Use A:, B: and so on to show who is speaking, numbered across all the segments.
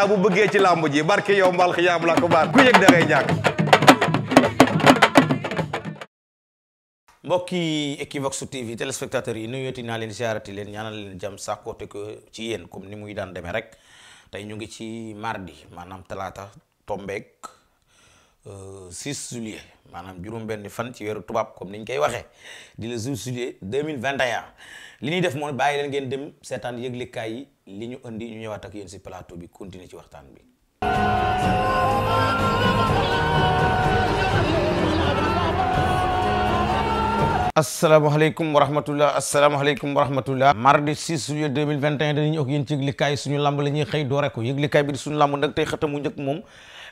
A: naa bu bëggee ci làmb ji barke yow mbal xiyaam la ko baar ku yëg da ngay ñàkk
B: mbokki Equivox TV téléspectateurs yi nuyooti naa leen siyaarati leen ñaanal leen jàmm te ko ci yéen comme ni muy daan demee rek tey ñu ngi ci mardi maanaam talaata tombeek 6 euh, juillet maanaam juróom-benni fan ci weeru tubaab comme ni ñu koy waxee di le 6 juillet 2021 li ñuy def moom bàyyi leen ngeen dem seetaan yëglekaay yi li ñu indi ñu ñëwaat ak yéen si palaato bi continuer ci waxtaan bi. asalaamaaleykum wa rahmatulah asalaamaaleykum wa rahmatulah. mardi 6 juillet 2021 dañuy ñëw ak yéen ci yëglekaay suñu lamb la xëy doore ko yëglekaay bi di suñu lamb nag tey xëtamu njëkk moom.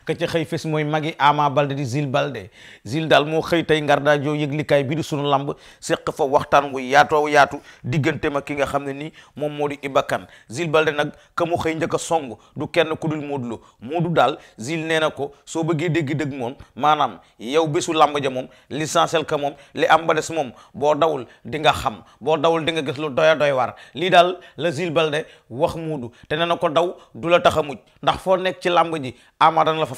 B: ka ca xëy fes mooy magi Ama Balde di Zil Balde Zil daal moo xëy tey ngardaajoo yëglikaay bi di sunu lamb seq fa waxtaan wu yaatoo yaatu diggante ma ki nga xam ne nii moom moo di Ibakan Zil Balde nag ka mu xëy njëkk a song du kenn ku dul Modou Lo du daal Zil nee na ko soo bëggee dégg dëgg moom maanaam yow bésu lamb ja moom li l'essentiel que moom li am ba des moom boo dawul di nga xam boo dawul di nga gis lu doya doy war lii daal la Zil Balde wax Modou te na ko daw du la tax a ndax foo nekk ci lamb ji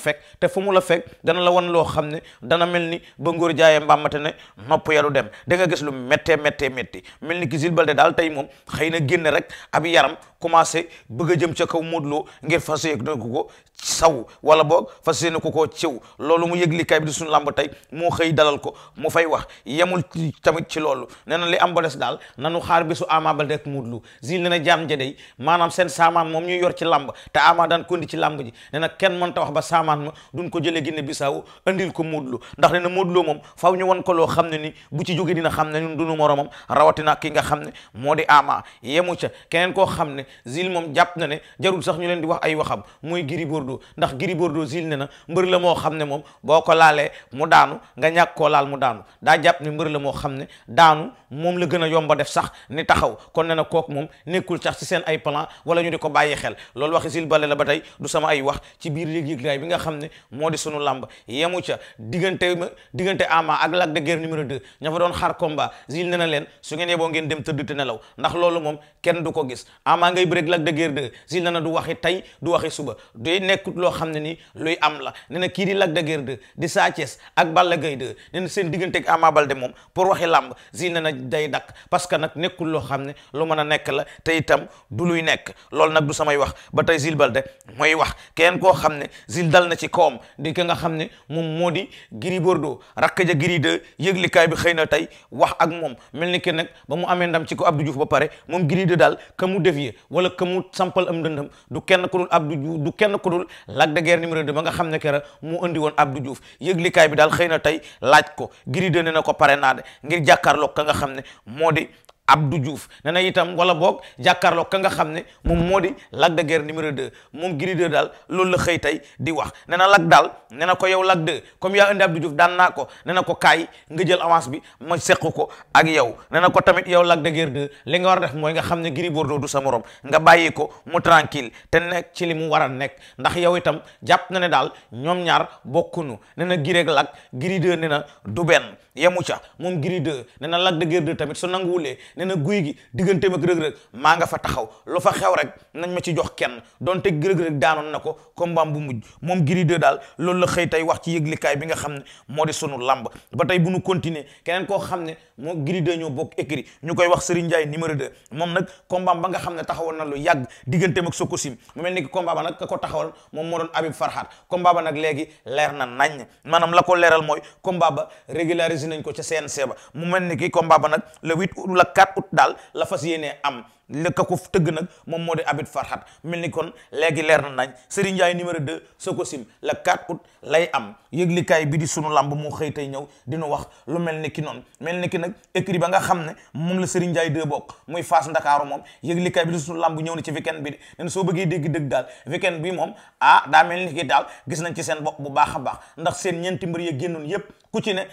B: fekk te fu mu la fekk dana la wan loo xam ne dana mel ni ba ngóor jaayee mbàmmate ne nopp yalu dem da nga gis lu méttee méttee métti mel ni ki Jules Baldé daal tey moom xëy na génn rek ab yaram commencé bëgg a jëm ca kaw Modou Lo fas yéene ko ko saw wala boog fas yéene ko ciw loolu mu yëg li bi di suñu tey moo xëy dalal ko mu fay wax yemul tamit ci loolu nee na li am ba des daal nanu xaar bisu Ama Baldé rek Modou Lo Jules ne na jaam jadey maanaam seen saamaan moom ñuy yor ci làmb te Ama daan kondi ci làmb ji nee na kenn mënta wax ba saamaan asamaan ma duñ ko jëlee Guinée Bissau andil ko Modou Lo ndax nee na Modou Lo moom faaw xam ne ni bu ci jógee dina xam ne ñun duñu xam ne moo di ama yemu ca keneen ne zil moom sax ñu leen di wax ay waxam muy Gris Bordeaux ndax Gris Bordeaux zil ne na mbër la moo xam ne moom boo ko laalee mu daanu nga ñàkk koo laal mu daanu daa jàpp ne la moo xam ne daanu moom la gën a yomba def sax ni taxaw kon ne na kooku moom nekkul sax ci seen ay plan wala ñu di ko bàyyi xel loolu waxi zil bale la ba tey du sama ay wax ci biir yëg-yëg bi nga xam ne moo di sunu làmb yemu ca diggante diggante ama ak Lac de Guiers numéro 2 ña fa doon leen su ngeen yeboo ngeen dem te nelaw ndax loolu moom kenn du ko gis ama ngay bëreeg Lac de Guiers 2 zil ne na du tey du waxi suba day nekkut loo xam ne ni luy am la ne na kii di Lac de di Sa ak Balla Gaye 2 ne na seen diggante ak Ama Baldé moom pour waxi làmb zil ne na day dakk parce que nag nekkul loo xam ne lu mën a nekk la tey itam du luy nekk loolu nag du samay wax ba tey zil de mooy wax kenn koo xam ne zil dal na ci kawam di ki nga xam ne moom moo di Gris Bordeaux rakk ja Gris de yëglikaay bi xëy na tey wax ak moom mel ni ki nag ba mu amee ndam ci ko Abdou Diouf ba pare moom Gris de daal ka mu dévier wala ka sampal am ndëndam du kenn ku dul Abdou du kenn ku dul Lac de Guerre numéro 2 ba nga xam ne kera mu andi woon Abdou Diouf yëglikaay bi daal xëy na tey laaj ko Gris de ne na ko pare naa de ngir jàkkaarloog ka nga xam ne moo di Abdou Diouf nee na itam wala boog jàkkaarloo ka nga xam ne moom moo di Lac de Guiers numéro 2 moom Gris daal loolu la xëy tey di wax nee na Lac daal nee na ko yow Lac comme yaa indi Abdou Diouf daan naa ko nee na ko kaay nga jël avance bi ma seq ko ak yow nee na ko tamit yow Lac de Guiers li nga war a def mooy nga xam ne Gris Bordeaux du sa nga bàyyi ko mu tranquille te nekk ci li mu war a nekk ndax yow itam jàpp na ne daal ñoom ñaar bokkunu nee na Gris ak Lac Gris 2 na du benn yemu ca moom Gris 2 nee na Lac de tamit su nanguwulee nee na guy gi digganteem ak rëg-rëg maa nga fa taxaw lu fa xew rek nañ ma ci jox kenn donte rëg-rëg daanoon na ko combat bu mujj moom Gris 2 daal loolu la xëy tey wax ci yëglikaay bi nga xam ne moo di sunu làmb ba tey bu nu continuer keneen koo xam ne moo Gris 2 ñoo bokk écrit ñu koy wax Serigne Ndiaye numéro 2 moom nag combat ba nga xam ne taxawoon na lu yàgg digganteem ak Sokocim mu mel ni ki combat ba nag ka ko taxawal moom moo doon Habib Farhat combat ba nag léegi leer na nañ maanaam la ko leeral mooy combat ba régulariser nañ ko ca CNC ba mu mel ni ki combat ba nag ut daal la fas am la ka ko tëgg nag moom moo di Abid Farhat mel ni kon léegi leer na nañ Serigne Ndiaye numéro 2 Sococim le 4 août lay am yëglikaay bi di sunu lamb moo xëy tey ñëw dina wax lu mel ni ki noonu mel ni ki nag écrit ba nga xam ne moom la Serigne Ndiaye 2 bokk muy Fass Ndakaaru moom yëglikaay bi di sunu lamb ñëw na ci weekend bi de nen soo bëggee dégg dëgg daal weekend bi moom ah daa mel ni ki daal gis nañ ci seen bopp bu baax a baax ndax seen ñeenti mbir ya génnoon yépp ku ci ne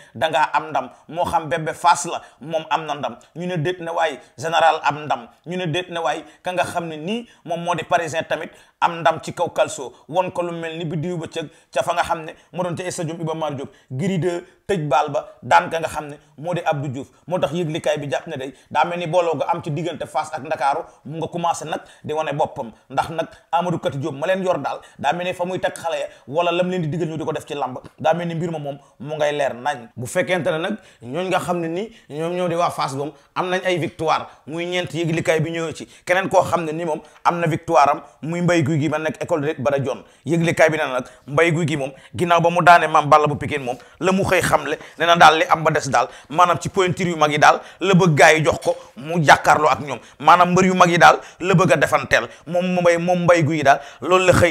B: am ndam moo xam bébé Fass la moom am na ndam ñu ne déet ne waaye général am ndam déet na waay ka nga xam ne nii moom moo de parisien tamit am ndam ci kaw kalso won ko lu mel ni bi diw ba cëg ca fa nga xam ne moo doon ca stadium Iba Mar Diop giri de tëj baal ba daan ka nga xam ne moo di Abdou Diouf moo tax yëglikaay bi jàpp ne day daa mel ni booloo nga am ci diggante fas ak Ndakaaru mu nga commencé nag di wane boppam ndax nag Amadou Kati Diop ma leen yor daal daa mel ni fa muy takk xale ya wala lam leen di diggal ñu di ko def ci lamb daa mel ni mbir ma moom mu ngay leer nañ bu fekkente ne nag ñooñ nga xam ne ni ñoom ñoo di waa fas boom am nañ ay victoire muy ñeent yëglikaay bi ñëwee ci keneen koo xam ne ni moom am na victoire muy mbay guy gi man nekk école de bara jon yëgle kaay bi nee na nag mbay guy gi moom ginnaaw ba mu daane maam balla bu pikin moom la mu xamle ne ba des yi daal la bëgg gaa yi jox ko mu jàkkaarloo ak ñoom maanaam mbër yu la bëgg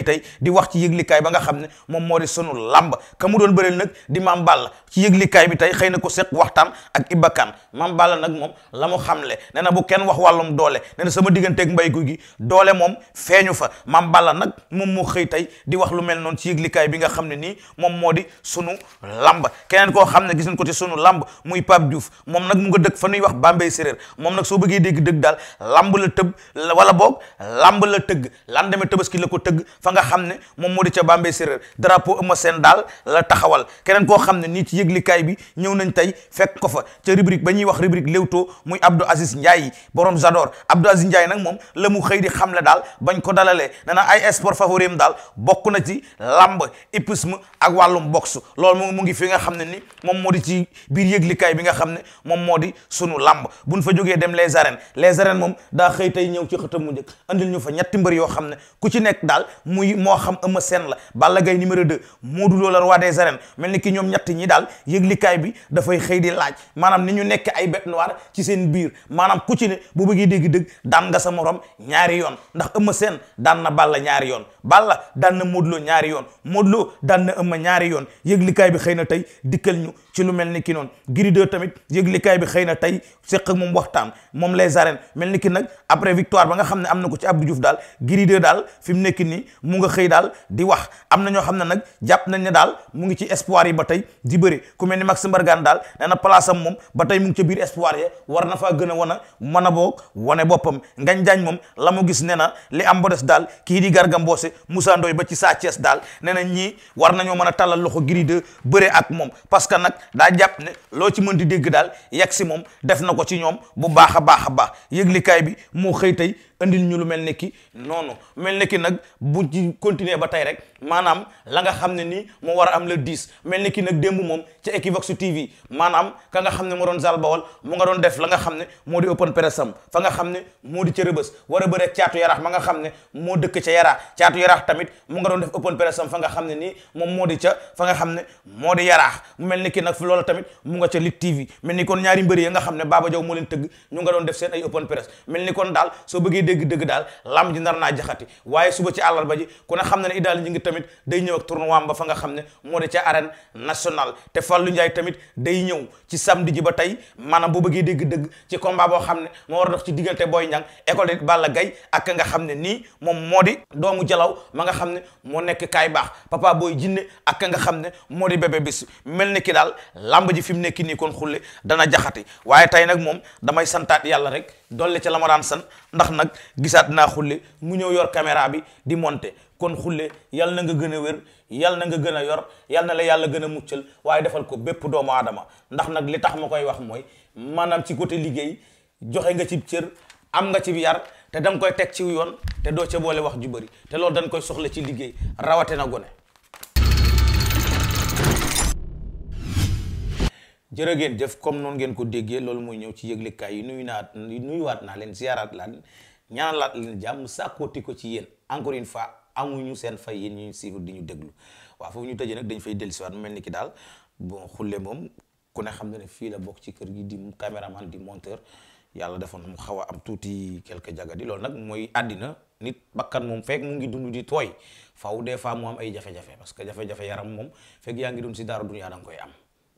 B: a wax ci yëgle kaay ba nga xam ne moom moo di sunu làmb ka mu doon bëreel nag di maam balla ci yëgle kaay bi tey xëy na ko seq waxtaan ak ibakan maam balla nag moom la mu xamle ne na bu kenn wax wàllum doole ne na sama digganteeg mbay guy gi doole moom feeñu fa maam maam Balla nag moom moo xëy tey di wax lu mel noonu ci yëglikaay bi nga xam ne nii moom moo di sunu lamb keneen koo xam ne gis nañ ko ci sunu lamb muy Pape Diouf moom nag mu nga dëkk fa nuy wax Bambey séréer moom nag soo bëggee dégg dëgg daal lamb la tëb wala boog lamb la tëgg lan demee tëbaski la ko tëgg fa nga xam ne moom moo di ca Bambey séréer drapeau Eumeu Sène daal la taxawal keneen koo xam ne nii ci yëglikaay bi ñëw nañ tey fekk ko fa ca rubrique ba ñuy wax rubrique Leewtoo muy Abdou Aziz Ndiaye borom Zador Abdou na ay sport favori am daal bokk na ci lamb hippisme ak wàllum boxe loolu mu ngi fi nga xam ne ni moom moo di ci biir yëglikaay bi nga xam ne moom moo di sunu lamb buñ fa jógee dem les arènes les arènes moom daa xëy tey ñëw ci xëtam mu njëkk andil ñu fa ñetti mbër yoo xam ne ku ci nekk daal muy moo xam Eumeu seen la Balla gay numéro 2 Modou Lo la waa des arènes mel ni ki ñoom ñett ñi daal yëglikaay bi dafay xëy di laaj maanaam ni ñu nekk ay bête noire ci seen biir maanaam ku ci ne bu bëggee dégg dëgg daan nga sa morom ñaari yoon la ñaari yoon Balla daan na Modou Lo ñaari yoon Modou Lo daan na Eumeu ñaari yoon yëglikaay bi xëy na tey dikkal ñu ci lu mel ni ki noonu Gris 2 tamit yëglikaay bi xëy na tey seq ak moom waxtaan moom les arènes mel ni ki nag après victoire ba nga xam ne am na ko ci Abdou Diouf daal Gris daal fi mu nekk nii mu nga xëy daal di wax am na ñoo xam ne nag jàpp nañ ne daal mu ngi ci espoir yi ba tey di bëri ku mel ni Max Mbargane daal nee na place am moom ba tey mu ngi ca biir espoir ya war na faa gën a wan a mën a boog wane boppam nga jaañ moom la mu gis nee na li am ba des daal kii di Garga Mbossé Moussa Ndoye ba ci Sa Thiès daal nee na ñii war nañoo mën a loxo Gris 2 daa jàpp ne loo ci mën di dégg daal yegg si moom def na ko ci ñoom bu baax a baax a baax yëglikaay bi moo xëy tey andil ñu lu mel ne ki noonu mel ne ki nag bu ci continuer ba tey rek maanaam la nga xam ne ni moo war a am le 10 mel ne ki nag démb moom ca Equivox TV maanaam ka nga xam ne moo doon Zal Bawol mu nga doon def la nga xam ne moo di open press am fa nga xam ne moo di ca Rëbës war a bëre caatu yaraax ma nga xam ne moo dëkk ca yaraax caatu yaraax tamit mu nga doon def open press am fa nga xam ne nii moom moo di ca fa nga xam ne moo di yaraax mu mel ni nag fi loola tamit mu nga ca lit TV mel ni kon ñaari mbëri ya nga xam ne Baba Jaw moo leen tëgg ñu nga doon def seen ay open press mel ni kon daal soo bëggee dégg-dégg daal lamb ji nar naa jaxati waaye suba ci àllarba ji ku ne xam na ne Idda ñu ngi tamit day ñëw ak tournoi ba fa nga xam ne moo de ca arène nationale te Fallou Ndiaye tamit day ñëw ci samedi ji ba tey maanaam boo bëggee dégg-dégg ci combat boo xam ne moo war a ci diggante Boy Niang école Balla Gaye ak nga xam ne nii moom moo di doomu Jalaw ma nga xam ne moo nekk kaay baax papa booy jinne ak nga xam ne moo di bébé bis mel ni ki daal làmb ji fi mu nekk nii kon xulle dana jaxati waaye tey nag moom damay santaat yàlla rek dolle ca la ma daan san ndax nag gisaat naa xulle mu ñëw yor caméra bi di monte kon xulle yal na nga gën a wér yal na nga gën a yor yal na la yàlla gën a muccal waaye defal ko bépp doomu aadama ndax nag li tax ma koy wax mooy maanaam ci côté liggéey joxe nga ci cër am nga ci yar te danga koy teg ciw yoon te doo ca boole wax ju bëri te loolu dañ koy soxla ci liggéey rawate na gone jërë ngeen jëf comme noonu ngeen ko déggee loolu mooy ñëw ci yëglekaay yi nuyu naat nuyuwaat naa leen ziaraat laan ñaanalaat leen jàmm sàkkooti ko ci yéen encore une fois amuñu seen fay yéen ñu suivre di ñu déglu waaw foofu ñu tëjee nag dañ fay dellusiwaat mu mel ni ki daal bon xulle moom ku ne xam na ne fii la bokk ci kër gi di caméraman di monteur yàlla defoon mu xaw a am tuuti quelque jagadi loolu nag mooy àddina nit bakkan moom fekk mu ngi dund di tooy faaw des fois mu ay jafe parce que jafe-jafe moom fekk yaa ngi dund si dara dunya da nga koy am.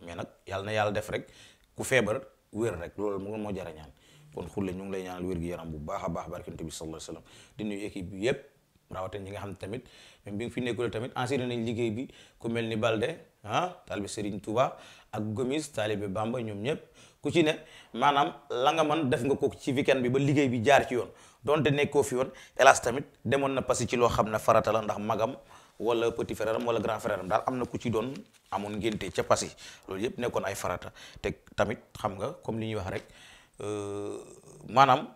B: mais nag yàlla na yàlla def rek ku feebar wér rek loolu mu moo jara ñaan kon xulle ñu ngi lay ñaanal wér gi yaram bu baax a baax barkante bi sallallahu alayhi bi yépp nga xam ne tamit même bi nga fi nekkul tamit assuré nañ liggéey bi ku mel ni Balde ah taalibe Serigne Touba ak Gomis taalibe Bamba ñoom ñëpp ku ci ne maanaam la nga mën def nga ko ci weekend bi ba liggéey bi jaar ci yoon donte nekkoo fi yoon hélas tamit demoon na passé ci loo xam ne farata la ndax magam wala petit frère am wala grand frère am daal am na ku ci doon amoon ngénte ca Passy loolu yëpp nekkoon ay farata teg tamit xam nga comme li ñuy wax rek euh, maanaam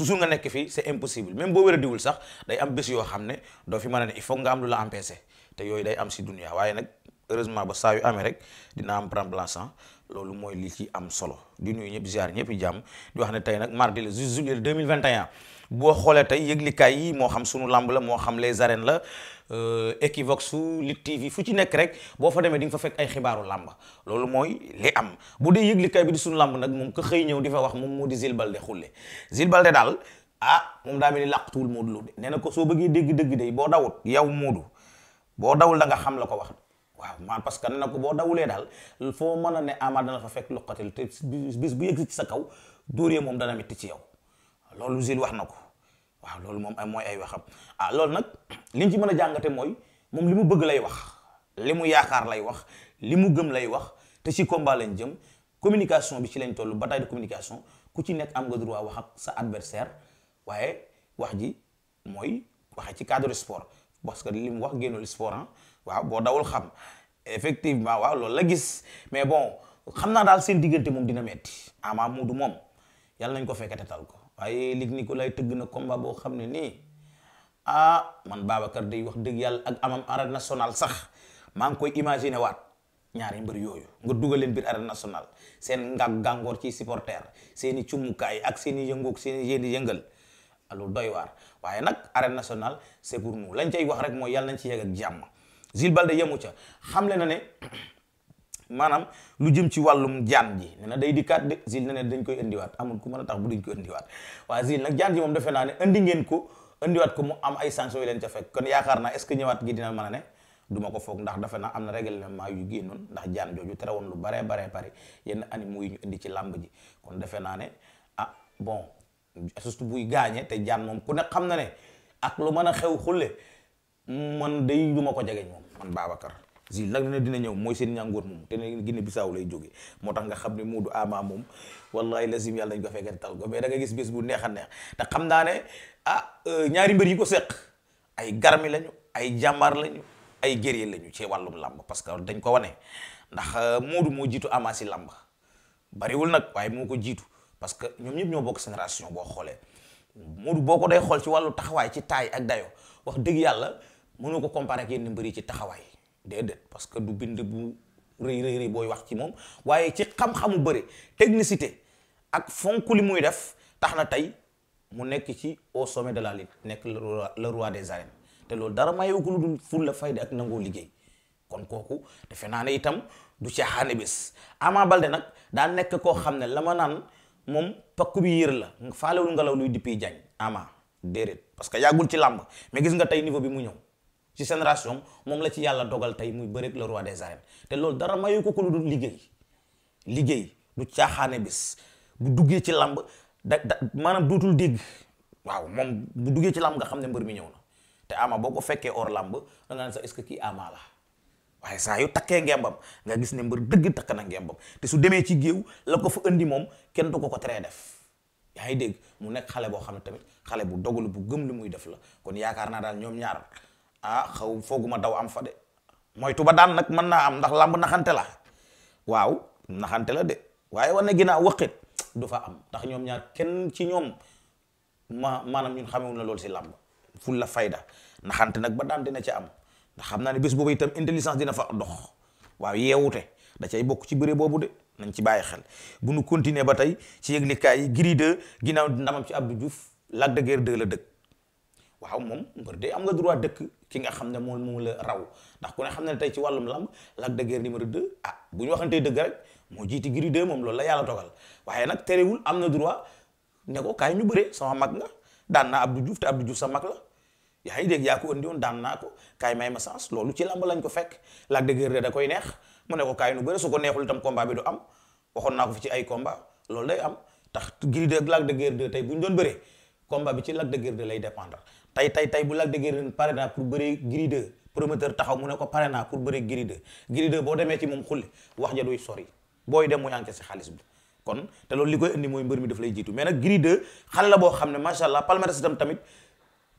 B: toujours nga nekk fi c'est impossible même boo wér diwul sax day am bés yoo xam ne doo fi man a ne il faut nga am lu la empêcher yooyu day am si dunia waaye nag heureusement ba saa yu amee rek dina am remplaçant loolu mooy lii ci am solo di nuyu ñëpp ziar ñëpp i jàmm di wax ne tey nag mardi le juillet 2021 boo xoolee tey yëglikaay yi moo xam sunu lamb la moo xam les arènes la Euh, Equivox Lit TV fu ci nekk rek boo fa demee di nga fa fekk ay xibaaru làmba loolu mooy li am bu dee yëglikaay bi di suñu làmb nag moom ko xëy ñëw di fa wax moom moo di Zil Balde xulle Zil Balde daal ah moom daa mel ni làqtuwul Modou Lo de nee na ko soo bëggee dégg dégg de boo dawut yow Modou boo dawul da nga xam la ko wax waaw maa parce que nee na ko boo dawulee daal foo mën a ne Ama dana fa fekk loqatil te bis bu yegg ci sa kaw dóoree moom dana métti ci yow loolu Zil wax na ko. waaw loolu moom ay mooy ay waxam ah loolu nag li liñ ci mën a jàngate mooy moom li mu bëgg lay wax li mu yaakaar lay wax li mu gëm lay wax te ci combat lañ jëm communication bi ci lañ toll bataille de communication ku ci nekk am nga droit wax ak sa adversaire waaye wax ji mooy waxe ci cadre sport parce que li mu wax génnul sport ah waaw boo dawul xam effectivement waaw loolu la gis mais bon xam naa daal seen diggante moom dina metti Ama Modou moom yàlla nañ ko fekkete tal ko waaye Luc Nicolaï tëgg na combat boo xam ne nii ah man Babacar day wax dëgg yàlla ak amam arène nationale sax maa ngi koy imaginer waat ñaari mbër yooyu nga dugal leen biir arène national seen ngàg gàngoor ci supporter seeni cumukaay ak seeni yëngoog seeni yéeni yëngal loolu doy waar waaye nag arène national c'est pour nous lañ cay wax rek mooy yàlla nañ ci yegg ak jàmm Zil yemu ca xamle na ne maanaam lu jëm ci wàllum jaan ji ne na day dikkaat de zil ne ne dañ koy indiwaat amul ku mën a tax bu dañ ko indiwaat waaye zil nag jaan ji moom defe naa ne indi ngeen ko indiwaat ko mu am ay sanctions leen ca fekk kon yaakaar naa est-ce que ñëwaat gi dina mën ko foog ndax defe naa am na règlement yu génnoon ndax jaan jooju tere woon lu bare baree bari yenn animaux yi ñu indi ci làmb ji kon defe naa ne ah bon surtout buy gaañee te jaan moom ku ne xam na ne ak lu mën a xew xulle man day du ma ko jegeñ moom man Babacar Jules nag ne dina ñëw mooy seen ñàngoor moom te ne Guinée Bissau lay jógee moo tax nga xam ne Moodu Ama moom ay lazim yàlla nañ ko fekkee tal ko mais da nga gis bés bu neex a neex te xam naa ne ah euh, ñaari mbër yi ko seq ay garmi lañu ay jàmbaar lañu ay guerrier lañu ci wàllum làmb parce que dañ ko wane ndax euh, Moodu moo jiitu Ama si làmb bariwul nag waaye moo ko jiitu parce que ñoom ñëpp ñoo bokk génération boo xoolee Moodu boo ko day xool ci wàllu taxawaay ci taay ak dayo wax dëgg yàlla mënu ko comparer ak yenn mbër yi ci taxawaay déedéet parce que du bind bu rëy rëy rëy booy wax ci moom waaye ci xam-xamu bëre technicité ak fonk li muy def tax na tey mu nekk ci au sommet de la lutte nekk le roi de arènes te loolu dara mayewu ko lu dul ful la fayda ak nangoo liggéey kon kooku defe naa ne itam du caaxaane bés Ama Baldé nag daa nekk koo xam ne la ma naan moom pakku bi yëre la faalewul ngelaw luy dippi jañ Ama déedéet parce que yàggul ci làmb mais gis nga tey niveau bi mu ñëw ci génération moom la ci yàlla dogal tey muy bëreeg le roi des arènes te loolu dara mayu ko ko lu liggéey liggéey du caaxaane bis bu duggee ci làmb da da maanaam dootul dégg waaw moom bu duggee ci làmb nga xam ne mbër mi ñëw na te ama boo ko fekkee or làmb da nga est-ce que kii ama la waaye saa yu takkee ngembam nga gis ne mbër dëgg takk na ngembam te su demee ci géew la ko fa indi moom kenn du ko ko teree def yaa ngi dégg mu nekk xale boo xam ne tamit xale bu dogalu bu gëm li muy def la kon yaakaar naa daal ñoom ñaar ah xaw fooguma daw am fa de moytu ba daan nag mën naa am ndax làmb naxante la waaw naxante la de waaye war wane ginnaaw wëqit du fa am ndax ñoom ñaar kenn ci ñoom ma maanaam ñun xamewuñ na lool si làmb ful la fayda naxante nag ba daan dina ci am ndax xam naa ne bés boobu itam intelligence dina fa dox waaw yeewute da cay bokk ci bëre boobu de nañ ci bàyyi xel bu nu continuer ba tey ci yëglikaay yi Gris 2 ginnaaw ndamam ci Abdou Diouf Lac de Guiers 2 la dëkk waaw moom mbër de am nga droit dëkk ki nga xam ne moom moo la raw ndax ku ne xam ne tey ci wàllum lamb Lac de Guiers numéro 2 ah bu ñu waxantee dëgg rek moo jiiti Gris moom loolu lay yàlla dogal waaye nag terewul am na droit ne ñu bëree sama mag daan naa Abdou Diouf te Abdou Diouf sa mag yaa ngi dégg yaa ko andi woon daan naa kaay may ma sens loolu ci lamb lañ ko fekk Lac de da koy neex mu ne ko kaay ñu bëre ko neexul itam combat bi du am waxoon naa ko fi ci ay combat loolu day am tax Gris 2 ak Lac de tey bu ñu doon bëree combat bi ci Lac de Guiers lay dépendre tey tey tey bu Lac de Guiers pare naa pour bëree Gris 2 promoteur taxaw mu ne ko pare naa pour bëree Gris 2 boo demee ci moom xulli wax ja duy sori booy dem muy si xaalis bi kon te loolu li koy indi mooy mbër mi daf lay jiitu mais nag Gris 2 xale la boo xam ne macha allah palmarès itam tamit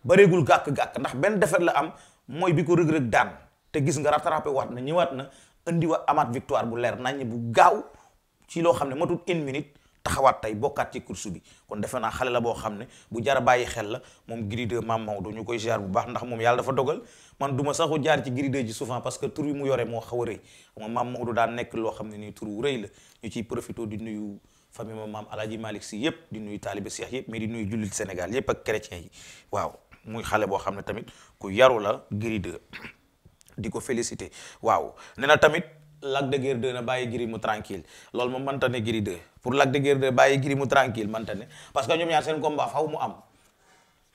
B: bareegul gàkk-gàkk ndax benn defet la am mooy bi ko rëg-rëg daan te gis nga rattrapé waat na ñëwaat na indi wa amaat victoire bu leer nañ bu gaaw ci loo xam ne matut une taxawaat tey bokkaat ci course bi kon defe naa xale la boo xam ne bu jar a bàyyi xel la moom Gris maam Mame Maodo ñu koy ziar bu baax ndax moom yàlla dafa dogal man duma ma saxu jaar ci Gris 2 souvent parce que tur bi mu yore moo xaw a rëy moom Mame Maodo daan nekk loo xam ne nii tur wu rëy la ñu ciy profité di nuyu famille moom maam Alaaji malik Si yëpp di nuyu taalibe Seex yëpp mais di nuyu jullit Sénégal yëpp ak chrétien yi waaw muy xale boo xam ne tamit ku yaru la Gris ko félicité waaw nee na tamit Lac de Guiers bàyyi Gris mu loolu moom mënta ne Gris pour Lac de Guiers de bàyyi Gris mu tranquille manta ne parce que ñoom ñaar seen combat faw mu am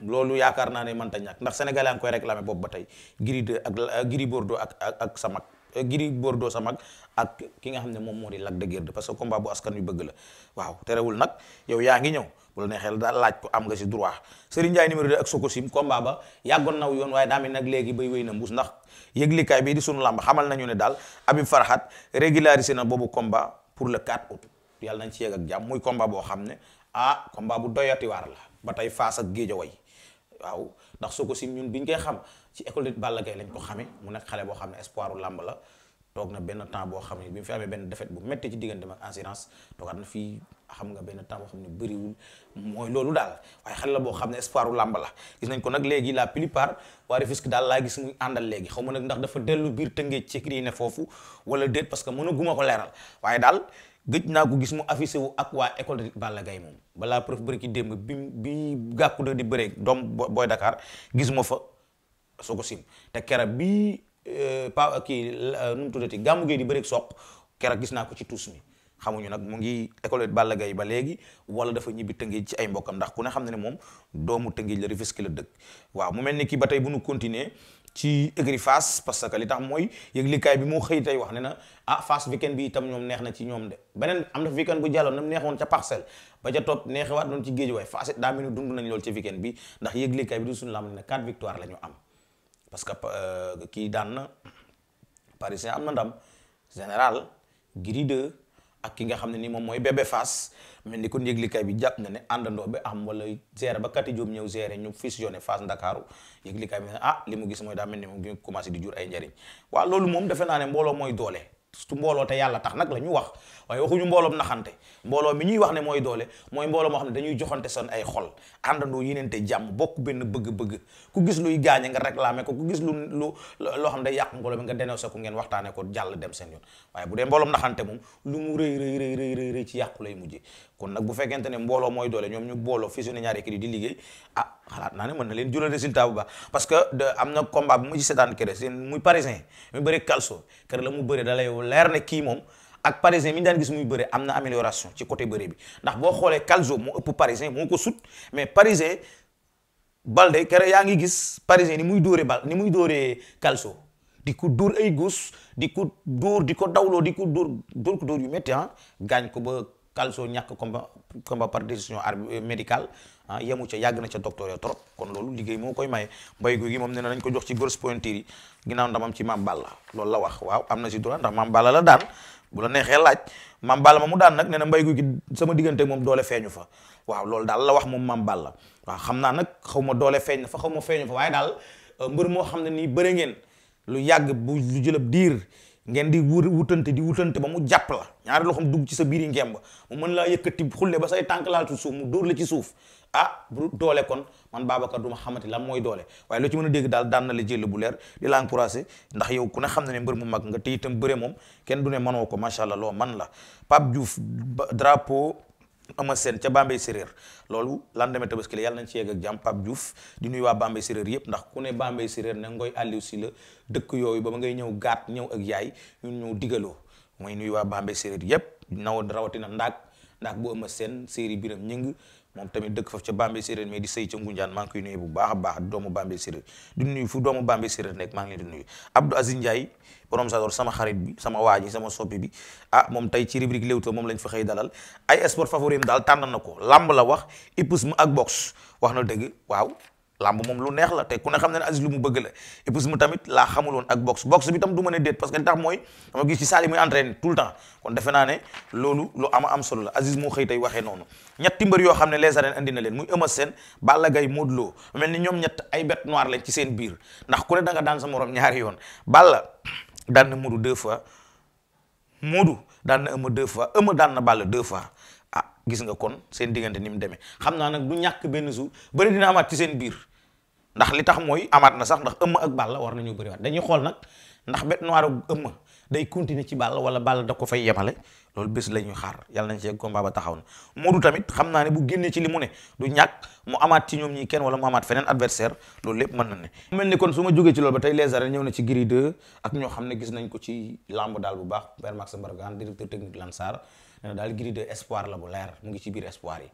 B: loolu yaakaar naa ne manta ñàkk ndax sénégalais a ngi koy réclamé boobu ba tey Gris de ak euh, Gris Bordeaux ak sa mag euh, Gris Bordeaux sa mag ak ki nga xam ne moom moo di Lac de parce que combat bu askan wi bëgg la waaw terewul nag yow yaa ngi ñëw bu la neexee daal laaj ko am nga si droit Serigne Ndiaye numéro 2 ak Sokosim combat ba yàggoon naw yoon waaye daa nag léegi bay wéy na mbuus ndax yëglikaay bi di sunu làmb xamal nañu ne daal Habib Farhat régularisé na boobu combat pour le 4 août yàlla nañ ci yegg ak jàmm muy combat boo xam ne ah combat bu doyati waar la ba tey Fass ak Guédiawaye waaw ndax soo ko sim ñun biñ koy xam ci école de Balla Gaye lañ ko xamee mu nekk xale boo xam ne espoiru làmb la toog na benn temps boo xam ne bi mu fi amee benn défaite bu métti ci digganteem ak assurance toogaat na xam nga benn temps boo xam ne bëriwul mooy loolu daal waaye xale boo xam ne espoiru làmb la gis nañ ko nag léegi la plupart waa Rufisque daal laa gis muy àndal léegi xaw ma nag ndax dafa dellu biir tëngee ci kii ne foofu wala déet parce mën a guma ko leeral waaye daal gëj naa ko gis mu affiché wu ak waa école de Balla Gaye moom balaa preuve bëri ki démb bi bi gàkku da di bëree doom booy Dakar gis ma fa soo ko sim te kera bi euh, pa kii nu mu tuddati gàmmu gee di bëri soq kera gis naa ko ci tuus mi xamuñu nag mu ngi école Balla Gaye ba léegi wala dafa ñibbi Tëngéej ci ay mbokkam ndax ku ne xam ne ne moom doomu Tëngéej la Rufisque la dëkk waaw mu mel ni kii ba tey bu nu continuer ci écurie Fass parce que li tax mooy yëglikaay bi moo xëy tey wax ne na ah Fass weekend bi itam ñoom neex na ci ñoom de beneen am na weekend bu jàlloon nam neexoon ca parcelle ba ca topp neexewaat noonu ci géej waaye Fass daa mel ni dund nañ lool ci weekend bi ndax yëglikaay bi du suñu lam ne na quatre victoire la am parce que euh, kii daan na Paris am na ndam général Gris 2 ak ki nga xam ne nii moom mooy bébé Fass mel ni kon yëglikaay bi jàpp na ne àndandoo bi am wala gérer ba kati joom ñëw gérer ñu fusionné Fass Ndakaaru yëglikaay bi ne ah li mu gis mooy daa mel ni mu ngi commencé di jur a njariñ waa loolu moom defe ne mbooloo mooy doole su mbooloo te yàlla tax nag la ñu wax waaye waxuñu mbooloom naxante mbooloo mi ñuy wax ne mooy doole mooy mbooloo moo xam dañuy joxante seen ay xol àndandoo yenente jàmm bokk benn bëgg-bëgg ku gis luy gaañe nga réclamé ko ku gis lu lu loo xam yàq mbooloo mi nga denoo sa ko ngeen waxtaane ko jàll dem seen yoon waaye bu dee mbooloom naxante moom lu mu rëy rëy rëy ci yàqu lay mujje kon nag bu fekkente ne mbooloo mooy doole ñoom ñu booloo fusionné ñaari équipe yi di liggéey ah xalaat naa ne mën na leen jural résultat bu baax parce que de am na combat bu mu ci seetaan kere seen muy parisien mu bëri calso kere la mu bëri da leer ne kii moom ak parisien mi ñu daan gis muy bëri am na amélioration ci côté bëri bi ndax boo xoolee calso moo ëpp parisien moo ko sut mais parisien balde kere yaa ngi gis parisien ni muy dooree bal ni muy dooree calso di ko dóor ay guus di ko dóor di ko dawloo di ko dóor dóor ko dóor yu métti ah ko ba calso ñàkk combat combat par décision euh, médicale ah yemu ca yàgg na ca docteur ya trop kon loolu liggéey moo koy maye mbay guy gi moom nee na nañ ko jox ci grosse pointure yi ginnaaw ndamam ci Mame Balla la wax waaw am na si droit ndax Mame Balla la daan bu la neexee laaj Mame Balla ma mu daan nag nee na mbay guy gi sama diggante moom doole feeñu fa waaw loolu daal la wax moom Mame Balla waaw xam naa nag xaw ma doole feeñ na fa xaw ma feeñu fa waaye daal euh, mbër moo xam ne nii bëre ngeen lu yàgg bu lu jëlab diir ngeen di wur wutante di wutante ba mu jàpp la ñaari loxoom dugg ci sa biir yi ngemb mu mën laa yëkkati xulle ba say tànk laal ci suuf mu dóor la ci suuf ah bu doole kon man Babacar du ma xamante lan mooy doole waaye loo ci mën a dégg daal daan na la jël bu leer di la encouragé ndax yow ku ne xam na ne mbër mu mag nga te itam bëre moom kenn du ne mënoo ko macha allah man la Pape Diouf drapeau ama seen ca Bambey Séréer loolu lan tabaski la yàlla nañ ci yegg ak jàmm Pape Diouf di nuyu Séréer yëpp ndax ku ne Bambey Séréer ne ngoy Aliou si la dëkk yooyu ba ba ngay ñëw gaat ñëw ak yaay ñun ñëw digaloo mooy nuyu waa Bambey Séréer yëpp naw rawatina ndaag ndaag bu ama seen séeri biram ñëng moom tamit dëkk foofu ca Bambey Séréer mais di sëy ca Ngunjaan maa ngi koy nuyu bu baax a baax doomu Bambey Séréer di nuyu fu doomu Bambey Séréer nekk maa ngi leen di nuyu Abdou Aziz Ndiaye borom Sador sama xarit bi sama waa yi sama soppi bi ah moom tey ci rubrique Leewtoo moom lañ fa xëy dalal ay sport favori daal tànn na ko làmb la wax hippisme ak boxe wax na dëgg waaw lamb moom lu neex la te ku ne xam ne ne Aziz lu mu bëgg la et puis mu tamit laa xamuloon woon ak boxe boxe bi tam du mën a déet parce que li tax mooy dama gis ci salle yi muy entraîné tout le temps naa ne loolu lu ama am solo la Aziz moo xëy tey waxee noonu ñetti mbër yoo xam ne les arènes andi na leen muy Eumeu Sène Balla Gaye Modou mel ni ñoom ñett ay bête noire lañ ci seen biir ndax ku ne da nga daan sa morom ñaari yoon Balla daan na Modou deux fois Modou daan na Eumeu deux fois Eumeu daan na Balla deux fois gis nga kon seen diggante ni mu demee xam naa nag du ñàkk benn jour bëri dina amaat ci seen biir ndax li tax mooy amaat na sax ndax ëmma ak Balla war nañu bëriwaat dañuy xool nag ndax bête noire ak ëmma day continuer ci Balla wala Balla da ko yemale loolu bés la ñuy xaar yàlla nañ ci combat ba taxaw na Modou tamit xam naa ne bu ci li mu ne du ñàkk mu amaat ci ñoom ñi kenn wala mu amaat feneen adversaire loolu lépp mën na mel ni kon su ma jógee ci loolu ba tey les arènes ñëw na ci Gris ñoo xam ne gis nañ ko ci lamb daal bu baax Père Max Mbargane directeur technique Lansar na daal Gris 2 espoir la bu leer mu ngi ci biir espoir yi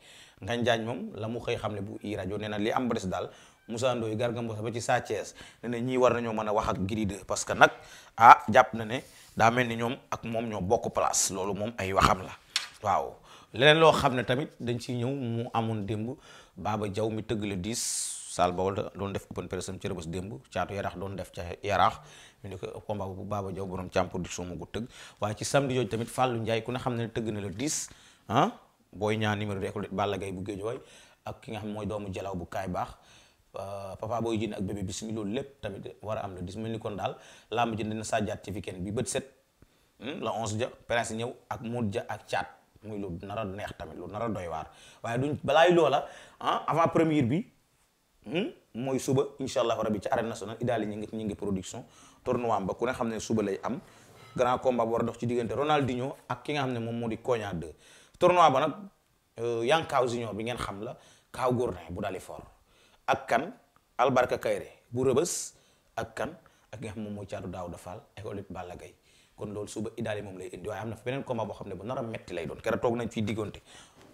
B: Ngagne Diagne moom la mu xëy xam ne bu i rajo nee na li am ba des daal Moussa Ndoye Garga ba ci Sa Thiès ne na ñii war nañoo mën a wax ak Gris 2 que nag ah jàpp na ne daa mel ni ñoom ak moom ñoo bokk place loolu moom ay waxam la waaw leneen loo xam ne tamit dañ ciy ñëw mu amoon démb Baba Diaw mi tëgg la 10 Saal Bawol doon def open press am ci Rebeuss démb caatu yaraax doon def ca yaraax ñu ne ko combat bu Baba Diaw borom càmm production moo ko tëgg waaye ci samedi jooju tamit Fallou Ndiaye ku ne xam ne tëgg na le 10 booy ñaa numéro de Balla Gaye bu ak ki nga euh, a am le 10 hmm, lu nar neex tamit lu nar doy waar waaye loola ah, avant première bi. Hmm? mooy suba incha allah rabi ci arène nationale idaali ñi ngi ñi ngi production tournoi ba ku ne xam ne suba lay am grand combat bu war a dox ci diggante Ronaldinho ak ki nga xam ne moom moo di Koña 2 tournoi ba nag euh, Yankaaw Junior bi ngeen xam la Kaaw Gourdin bu daali fort ak kan Albarka Kayre bu rëbës ak kan ak nga xam moom mooy caatu Daouda Fall école Balla Gaye kon loolu suba idaali moom lay indi am na fa beneen combat boo xam ne bu nar a metti lay doon keroog toog nañ fii diggante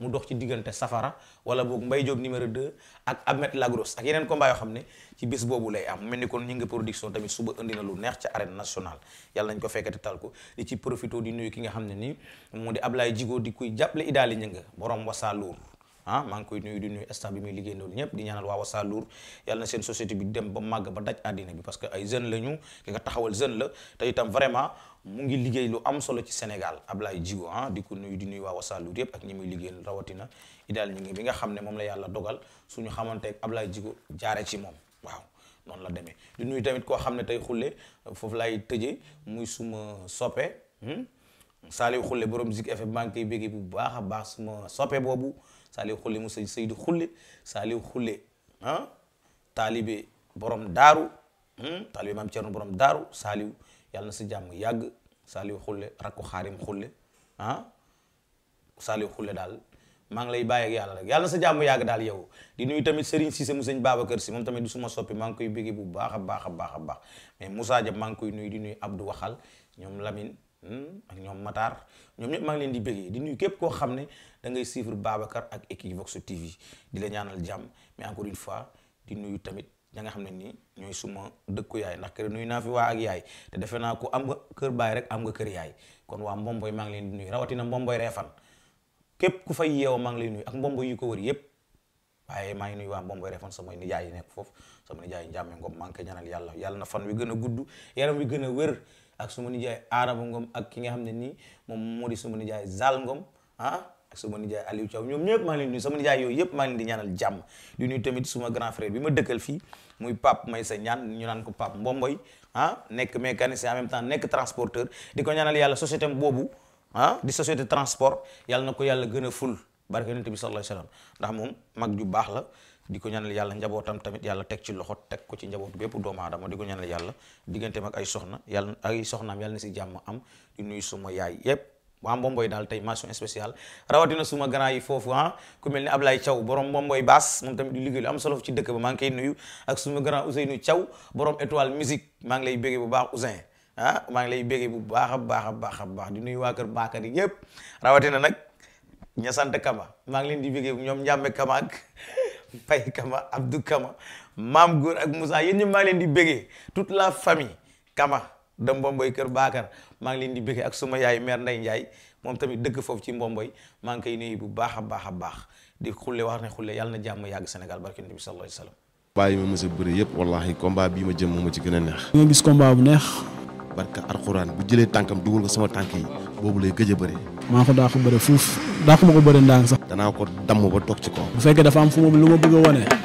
B: mu dox ci diggante safara wala boog Mbaye Diop numéro 2 ak Ahmed Lagros ak yeneen combat yoo xam ne ci bis boobu lay am mel ni kon ñu ngi production tamit suba indi na lu neex ca arène nationale yàlla nañ ko fekkati tal ko ci profito di nuyu ki nga xam ne nii moo di Ablaye Jigo di kuy jàppale Idaali Ñënga borom wasaaluur ah maa ngi koy nuyu di nuyu staff bi muy liggéey ndoolu ñëpp di ñaanal waa Wasaluur yàlla na seen société bi dem ba màgg ba daj àddina bi parce que ay jeune la ñu ki nga taxawal jeune la te itam vraiment mu ngi liggéey lu am solo ci Sénégal Ablaye jigo ah di ko nuyu di nuyu waa Wassare yëpp ak ñi muy liggéey liggéeyal rawatina Idaal ñu ngi bi nga xam ne moom la yàlla dogal suñu xamante ab Ablaye jigo jaare ci moom waaw noonu la demee di nuyu tamit koo xam ne tey xulle foofu lay tëjee muy suma soppe hmm? Saliou xulle borom Zik FM maa ngi koy bégee bu baax a baax suma soppe boobu Saliou xulle mu sëñ Seydou xulle Saliou xulle ah taalibe borom daaru hmm? taalibe maam Thierno borom daaru yàlla na sa jàmm yàgg Saliou Khoule rakku xaarim Khoule ah Saliou Khoule daal maa ngi lay bàyyeek yàlla rek yàlla na sa jàmm yàgg daal yow di nuyu tamit Serigne Cissé mu sëñ Babacar si moom tamit du suma soppi maa ngi koy bégee bu baax a baax a baax mais Moussa Dia maa ngi koy nuyu di nuyu Abdou Waxal ñoom Lamine hmm, ak ñoom mataar ñoom ñëpp maa ngi leen di bégee di nuyu képp koo xam ne dangay ngay suivre Babacar ak Equivox TV di la ñaanal jàmm mais encore une fois di nuyu tamit. ña nga xam ne nii ñooy suma dëkku yaay ndax kër nuyu naa fi waa ak yaay te defe naa ku am nga kër baay rek am nga kër yaay kon waa mbomboy maa ngi leen di nuyu rawatina mbomboy reefan képp ku fay yeewoo maa ngi lay nuyu ak mbomboy yu ko wër yépp waaye maa ngi nuyu waa mbomboy reefan sama nijaay yi nekk foofu sama nijaay yi njàmme ngom maa ngi koy ñaanal yàlla yàlla na fan wi gën a gudd yaram wi gën a wér ak suma nijaay aaraba ngom ak ki nga xam ne nii moom moo di suma nijaay zal ngom ah ak suma nijaay Aliou Thiaw ñoom ñëpp maa ngi leen di nuyu sama nijaay yooyu yëpp maa ngi leen di ñaanal jàmm di nuyu tamit suma grand frère bi ma dëkkal fii muy pap may sa ñaan ñu naan ko Pape Mbomboy ah nekk mécanicien en même temps nekk transporteur di ko ñanal yàlla société boobu ah di société transport yàlla na ko yàlla gën a ful barke yonent bi sallallahu alayhi wasallam ndax moom mag ju baax la di ko ñaanal yàlla njabootam tamit yàlla teg ci loxo teg ko ci njabootu bépp doomu aadama di ko ñaanal yàlla digganteem ak ay soxna yàlla ay soxnaam yàlla na si jàmm am di nuyu suma yaay yépp waa Mbomboy daal tey mention spéciale rawatina suma grand yi foofu ah ku mel ni Ablaye Thiaw borom Mbomboy Baas moom tamit di liggéey am solo ci dëkk ba maa ngi koy nuyu ak suma grand Ousseynou Thiaw borom étoile musique maa ngi lay bu baax Ousseyn ah maa ngi lay béggee bu baax a baax a baax a baax di nuyu waa kër Bakar yi yëpp rawatina nag ña sant Kama maa ngi leen di béggee ñoom Njàmme Kama ak Pay Kama Abdou maam góor ak Moussa yéen ñëpp maa leen di béggee tout la famille Kama. da Mbomboy Kër Baakar maa ngi leen di bëggee ak suma yaay mère Ndeye Ndiaye moom tamit dëkk foofu ci Mbomboy maa ngi koy nuyu bu baax a baax a baax di xulle wax ne xulle yàlla na jàmm yàgg Sénégal barke nabi sallallahu alayhi wa sallam. combat yi ma mës a bëri yëpp wallaahi combat bii ma jëm moo ma ci a neex. di nga alxuraan bu jëlee tànkam dugal ko sama tànk yi boobu lay gëj a bëri. maa ko daa ko fuuf daa ko ma ko sax. danaa ko damm ba toog ci kaw. bu fekkee dafa am lu ma bëgg